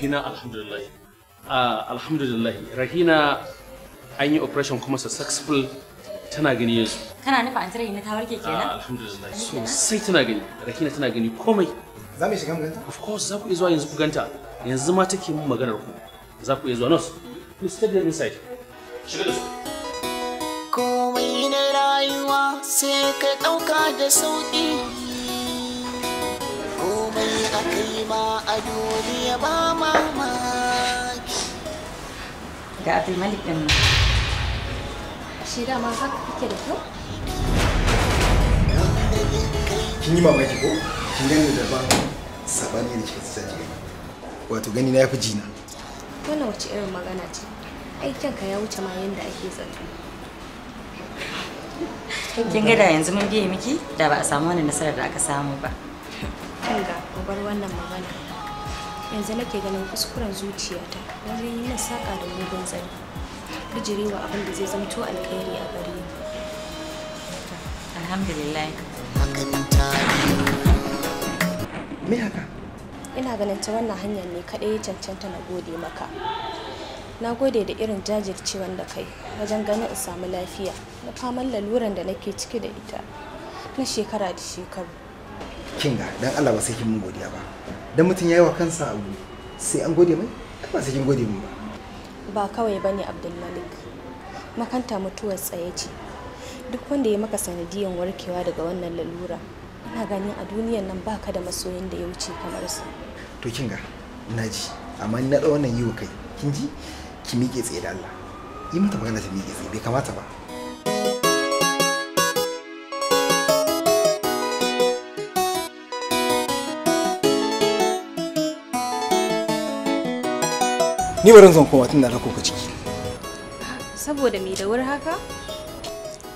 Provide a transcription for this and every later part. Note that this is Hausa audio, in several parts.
rahina alhamdulillah uh, alhamdulillah rahina an yi operation kuma successful tana gani yanzu kana nufa an rahina ta warke kenan ah, alhamdulillah sosai tana gani rahina tana gani komai za mu shiga ganta of course za ku iya zuwa yanzu ku ganta yanzu ma take mun maganar ku za ku iya zuwa nurse please take inside shiga da komai na rayuwa sai ka dauka da sauki ma a duniya ba mamaki ga abdulmalik din shi dama haka kike da kyau kin yi mamaki ko kin gani da ba sabani da kika tsaya wato gani na yafi jina wannan wace irin magana ce aikin ka ya wuce ma yanda ake zato kin ga da yanzu mun biye miki da ba a samu wani nasarar da aka samu ba kanga ku wannan magana yanzu nake ganin kuskuren zuciyata wajen yi na saƙa da mugun tsari bijirewa abin da zai zamto alkhairi a gare ni alhamdulillah me haka ina ganin ta wannan hanyar ne kaɗai ya cancanta na gode maka na gode da irin jajircewan da kai wajen ganin in samu lafiya na faman laluran da nake ciki da ita na shekara da shekaru kinga dan Allah ba sai kin mun godiya ba dan mutun yayi wa kansa abu sai an gode mai ba sai kin gode mun ba ba kawai bane Abdulmalik makanta mutuwar tsaye ce duk wanda ya maka sanadiyan warkewa daga wannan lalura ina ganin a duniyan nan baka da masoyin da ya wuce kamar su to kinga ga na ji amma na da wannan yi wa kai kin ji ki miƙe tsaye da Allah yi mata magana ta miƙe tsaye bai kamata ba ni barin zan koma tun da rako ka ciki saboda me da wuri haka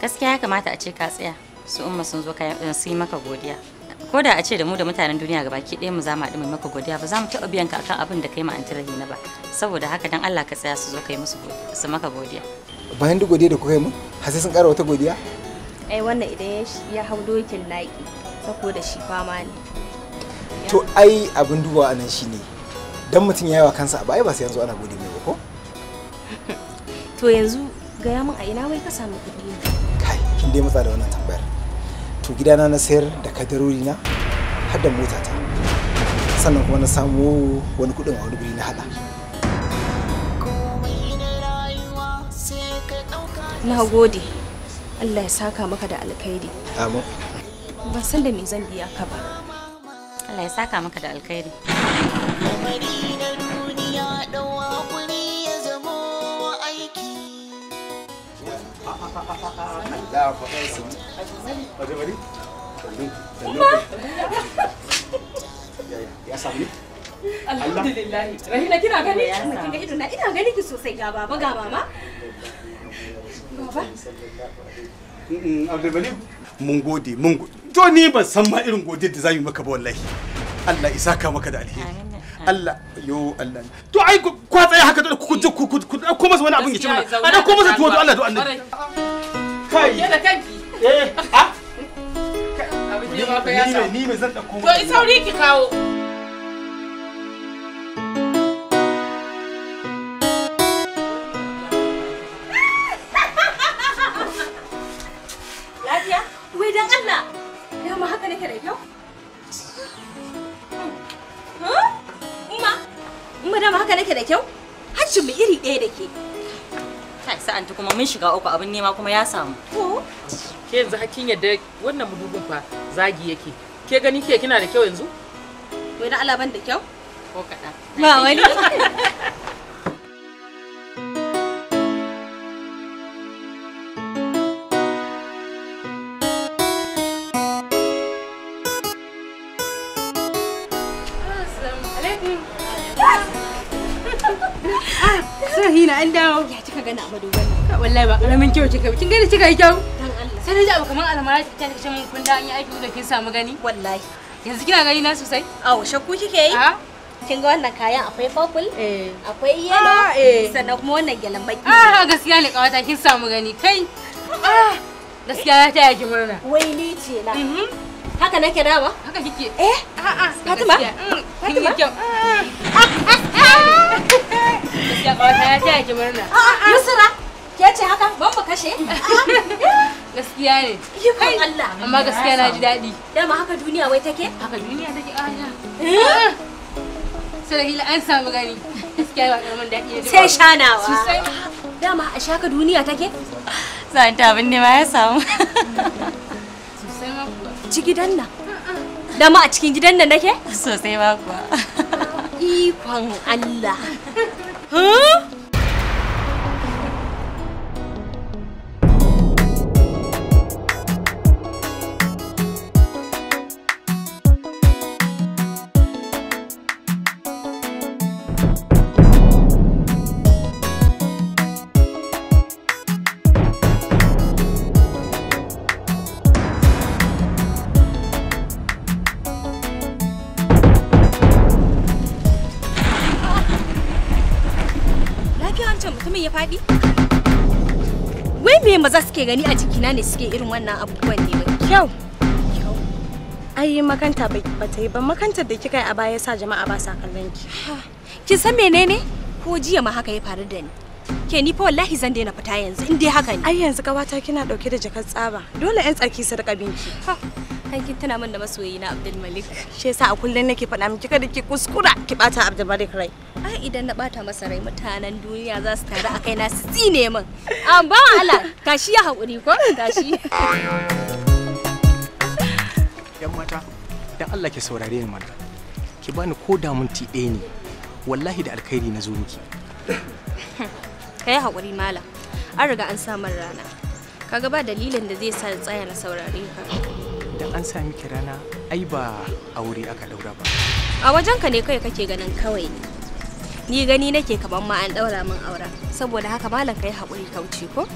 gaskiya ya kamata a ce ka tsaya su umma sun zo eh, su yi maka godiya ko da a ce da mu da mutanen duniya gabaki ɗaya mu za mu haɗu mai maka godiya ba za mu taɓa biyan ka akan abin da kai ma an na ba saboda haka dan Allah ka tsaya su zo kai musu su maka godiya bayan duk godiya da kuka yi mun har sai sun ƙara wata godiya ai eh, wannan idan ya hau dokin naki saboda shi fama ne to ai abin dubawa nan shine dan mutum ya yi wa kansa abu ai ba sai yanzu ana gode mai ko to yanzu gaya mun a ina wai ka samu kuɗi kai kin dai matsa da wannan tambayar to gidana na sayar da kadarori na har da ta sannan kuma na samu wani kuɗin a wani guri na hada na gode Allah ya saka maka da alkhairi amin ban san da me zan biya ka ba Allah ya saka maka da alkhairi mun gode mun gode to ni ban san ma irin godiyar da zamu maka ba wallahi Allah isa maka da alheri Allah yo Allah to ku tsaye haka da ku ku ku ku masa wani abin ya ci mana a dauko masa tuwo to Allah to Allah kai kanki eh a abin ya ba ka ya sa ni zan dauko to sauri ki kawo ɗaya da ke. Kai sa'anta kuma mun shiga uku abin nema kuma ya samu. Ke yanzu hakin yadda wannan mudubin fa zagi yake. Ke gani ke kina da kyau yanzu? Wai na alaban da kyau? Ko kaɗan. Ba wani. magana ba duk wannan wallahi ba karamin kyau kika kin gani kika yi kyau dan Allah sai dai abu kaman almara ta kace mun kun da an yi aiki da kin samu gani wallahi yanzu kina gani na sosai awo shakku kike yi kin ga wannan kayan akwai purple eh. akwai ah, yellow eh. sannan kuma wannan gelan baki ah gaskiya ne kawata kin samu gani kai ah gaskiya ta yaki murna wai ni ce na mhm. haka nake dama haka kike eh a'a Fatima Fatima mm, mm, ah, ya ba ta ya ki murna ah, ah, Yusra ke ce haka ban mu kashe gaskiya ne ikon Allah amma gaskiya na ji daɗi dama haka duniya wai take haka duniya take aja eh? sai hila an samu gani gaskiya ba karamin dadi ne sai shanawa dama a shaka duniya take zan ta bin ne ma ya samu ci gidan nan dama a cikin gidan nan nake sosai ba kuwa ikon Allah me maza suke gani a jikina ne suke irin wannan abubuwan ne ba kyau ai makanta ba ta yi ba makanta da kika yi a baya sa jama'a ba sa kallon ki ki san menene ko jiya ma haka ya faru da ni Ke ni fa wallahi zan daina fita yanzu in dai haka ne. Ai yanzu kawata kina dauke da jakar tsaba. Dole yan tsaki sadaka binki. kai kin tana min da masoyi na Abdul Malik. Shi yasa a kullun nake faɗa miki kada ki kuskura ki bata Abdul Malik rai. Ai idan na bata masa rai mutanen duniya za su taru a na su tsine min. An ba Allah tashi ya haƙuri ko tashi. Yan mata dan Allah ki saurare ni mana. Ki bani ko da minti ɗaya ne. Wallahi da alkhairi na zo miki. ka yi haƙuri malam an riga an samar rana kaga ba dalilin da zai sa tsaya na saurare ka dan an sami ki rana ai ba aure aka daura ba a wajen ka ne kai kake ganin kawai ni gani nake kaman ma an daura min aure. saboda haka malam ka yi haƙuri kauce ko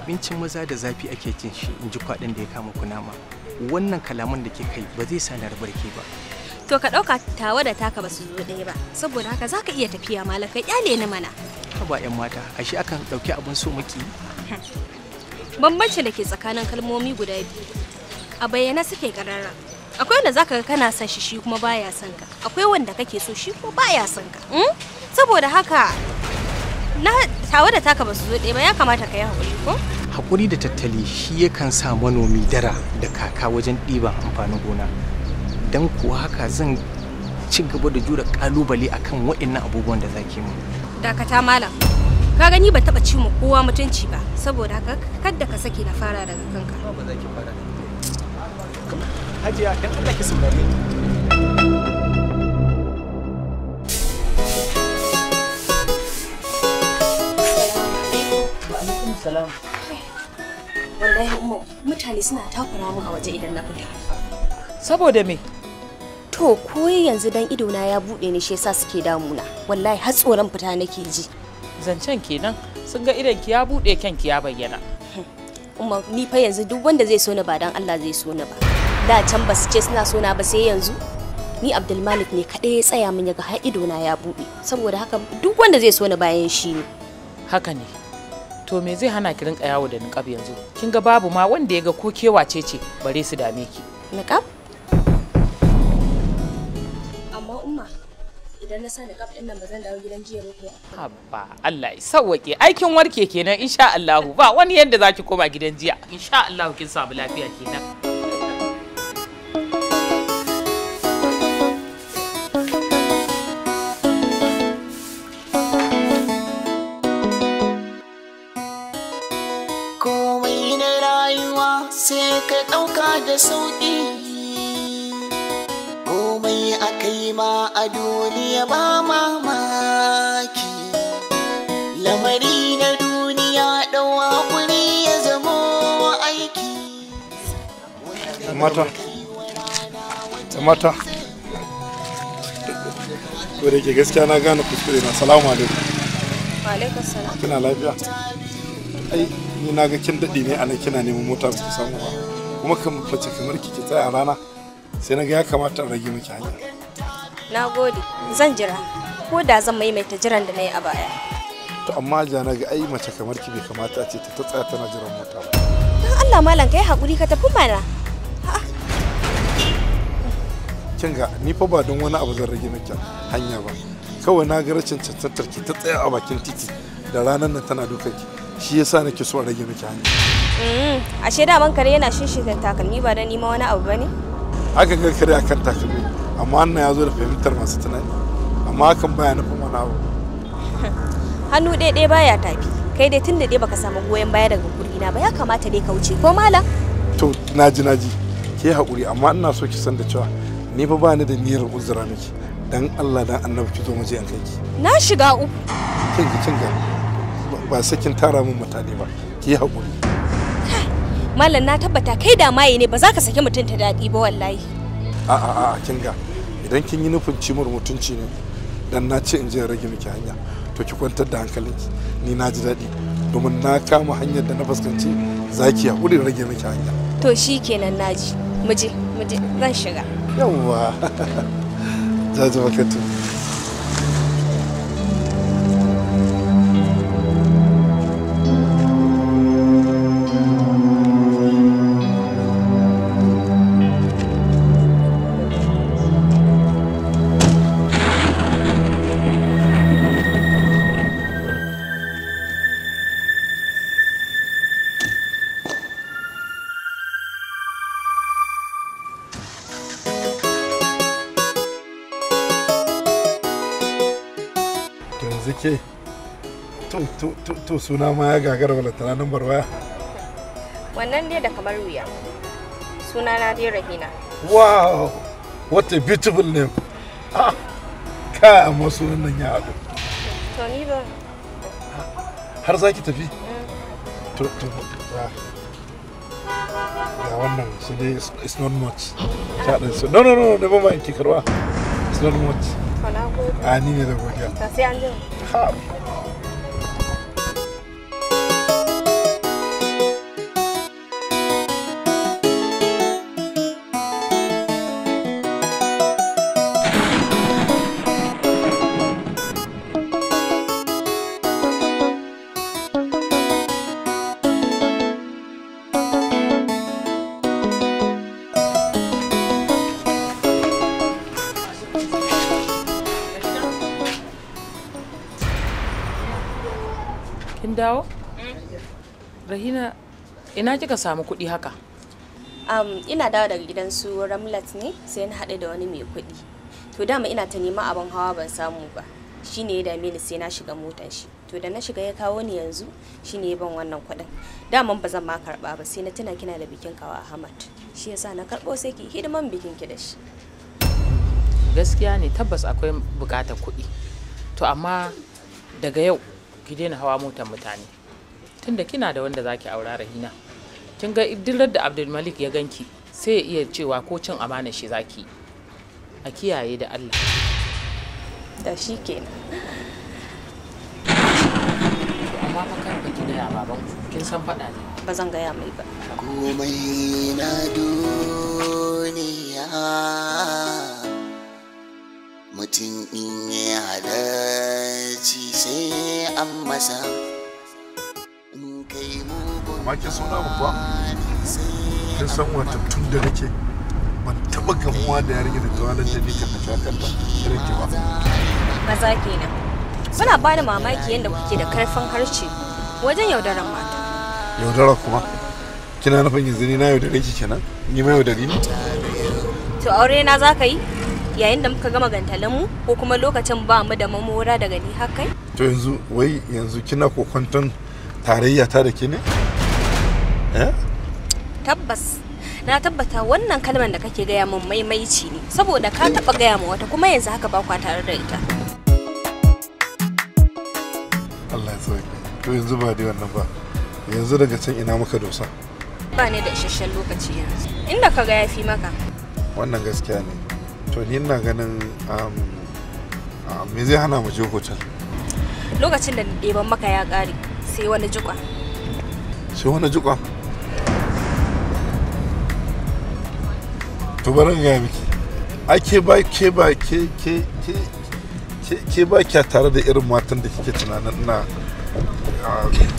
abincin maza da zafi ake cin shi in ji kwaɗin da ya kama kunama wannan kalaman da ke kai ba zai sa na rabar ba to ka ɗauka tawa da taka ba su zo ɗaya ba saboda haka za ka iya tafiya malaka ƙyale ni mana ba 'yan mata ashe aka ɗauki abin so maki bambanci da ke tsakanin kalmomi guda biyu a bayyana suke karara akwai wanda zaka ga kana son shi shi kuma baya son ka akwai wanda kake so shi kuma baya son ka hmm? saboda haka na tawa da taka ba su zo ɗaya ba ya kamata ka yi haƙuri ko haƙuri da tattali shi yakan sa manomi dara da kaka wajen ɗiban amfanin gona don kuwa haka zan ci gaba da jura ƙalubale akan waɗannan abubuwan da zaki mu dakata malam ka gani ba taba ci mu kowa mutunci ba saboda haka kadda ka saki na fara daga kanka ba za ki fara hajiya dan Allah ki saurare salam wallahi umma mutane suna takura mu a waje idan na fita saboda me to ko yanzu dan idona ya bude ni shi yasa suke damuna wallahi har tsoron fita nake ji zancen kenan sun ga idan ki ya bude kanki ya bayyana umma ni fa yanzu duk wanda zai so ni ba dan Allah zai so ni ba da can ba su ce suna so na ba sai yanzu ni Abdulmalik ne kadai ya tsaya min yaga har na ya bude saboda haka duk wanda zai so na bayan shi ne haka ne to me zai hana ki rinka yawo da niqab yanzu kin ga babu ma wanda ya ga ko kewace ce bare su dame ki niqab umma idan na sani kaf din nan ba zan dawo gidan jiya ba haba Allah ya sauwake aikin warke kenan insha Allah ba wani yadda zaki koma gidan jiya insha Allah kin samu lafiya kenan Komai na rayuwa sai ka ɗauka da sauƙi ne aka yi ma a duniya ba mamaki lamari na duniya ɗawa kuri ya zamo aiki mata mata to da ke gaskiya na gane kuskure na salamu alaikum alaikum kina lafiya ai ni na ga kin dade ne a nan kina neman mota ba ki samu ba kuma kan fice kamar kike tsaya rana sai na ga ya kamata rage miki hanya na gode zan jira ko da zan maimaita jiran da na yi a baya to amma ja na ga ai mace kamar ki bai kamata a ce ta ta tsaya tana jiran mota ba dan Allah malam kai hakuri ka tafi mana kin ga ni fa ba don wani abu zan rage miki hanya ba kawai na ga rashin cancantar ki ta tsaya a bakin titi da ranar nan tana dukan ki shi yasa nake so a rage miki hanya mm-hmm. ashe da man kare yana shishigan takalmi ba da nima wani abu bane aka ga kare akan takalmi amma wannan ya zo da fahimtar masu tunani amma hakan baya nufin wani abu hannu ɗaya baya tafi kai dai tun da dai baka samu goyon baya daga na ba ya kamata dai ka wuce ko malam to naji naji ke haƙuri amma ina so ki san da cewa ni fa bani da niyyar uzura miki dan Allah dan annabi ki zo muje an kai ki na shiga uku kin kin ga ba sakin tara min mutane ba ki haƙuri malam na tabbata kai da maye ne ba za ka saki mutum ta daɗi ba wallahi a a a kin ga idan kin yi nufin cimar mutunci ne dan na ce in je rage miki hanya to ki kwantar da hankalinki ni na ji daɗi domin na kama hanyar da na fuskanci zaki ya kudin rage miki hanya to shikenan naji muje muje zan shiga yawwa jaji makatu to suna ma ya gagara balantana nambar waya wannan dai da kamar wuya suna na dai rahina wow what a beautiful name ka amma sunan nan ya hadu to ni ba har za ki tafi mm. to to ya ah. wannan su dai it's not much ta ɗin no no no never mind ki karba it's not much a ah, ni ne da godiya ta sai an ha rahina ina kika samu kuɗi haka um, ina dawo daga gidan su ramlat ne sai na haɗu da wani mai kuɗi to dama ina ta neman abin hawa ban samu ba shine ya dame ni sai na shiga motar shi to da na shiga ya kawo ni yanzu shine ya ban wannan kuɗin dama ba zan ma karɓa ba sai na tuna kina da bikin kawa ahmad shi yasa na karɓo sai ki hidiman bikin ki da shi gaskiya ne tabbas akwai buƙatar kuɗi to amma daga yau ki daina hawa motar mutane tunda kina da wanda zaki aura rahina kin ga iddirar da malik ya ganki sai ya iya cewa ko cin amana shi zaki a kiyaye da allah da shi kenan amma fa kan baki da baban kin san faɗa ne ba zan gaya mai ba komai na duniya mutum in ya halarci sai an masa amma kin so namu kuwa kin san wata tun da nake ban taba gamuwa da yarinya da tawalar da ni kan da shakanta da ke ba maza kenan muna ba da mamaki yadda kuke da karfin harshe wajen yaudaran mata yaudara kuma kina nufin yanzu ni na yaudare ki kenan ni ma yaudari ne to aure na za ka yi yayin da muka gama gantalanmu ko kuma lokacin ba mu da mamora daga ni hakai to yanzu wai yanzu kina kokwanton tarayya ta da ke ne? Eh? Tabbas na tabbata wannan kalmar da kake gaya min maimaici ne saboda ka taba gaya min wata kuma yanzu haka ba kwa tare da ita. Allah ya sauke. To yanzu ba dai wannan ba. Yanzu daga can ina muka dosa. Ba ne da isasshen lokaci yanzu. Inda ka ga yafi maka. Wannan gaskiya ne. To ni ina ganin um, um, me zai hana mu je hotel. Lokacin da ɗeban maka ya ƙare. sai wani jikwa sai wani jikwa to barin ga miki ake ba ke ba ke ke ke ke ba ke tare da irin matan da kike tunanin na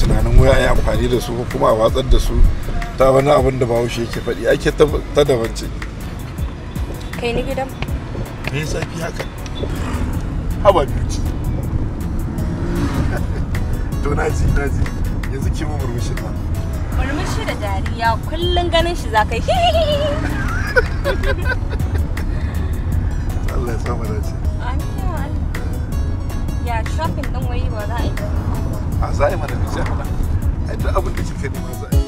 tunanin waya ai amfani da su ko kuma a watsar da su ta wani abin da bahaushe yake faɗi ake ta daban ce kai ni gidan me yasa fi haka haba biyu to naji naji yanzu ki mu murmushi nan murmushi da dariya kullun ganin shi zakai Allah ya sa mu dace amin ya shopping din wai ba za a yi ba a za a yi mana bincike ai duk abin da kika nema za a yi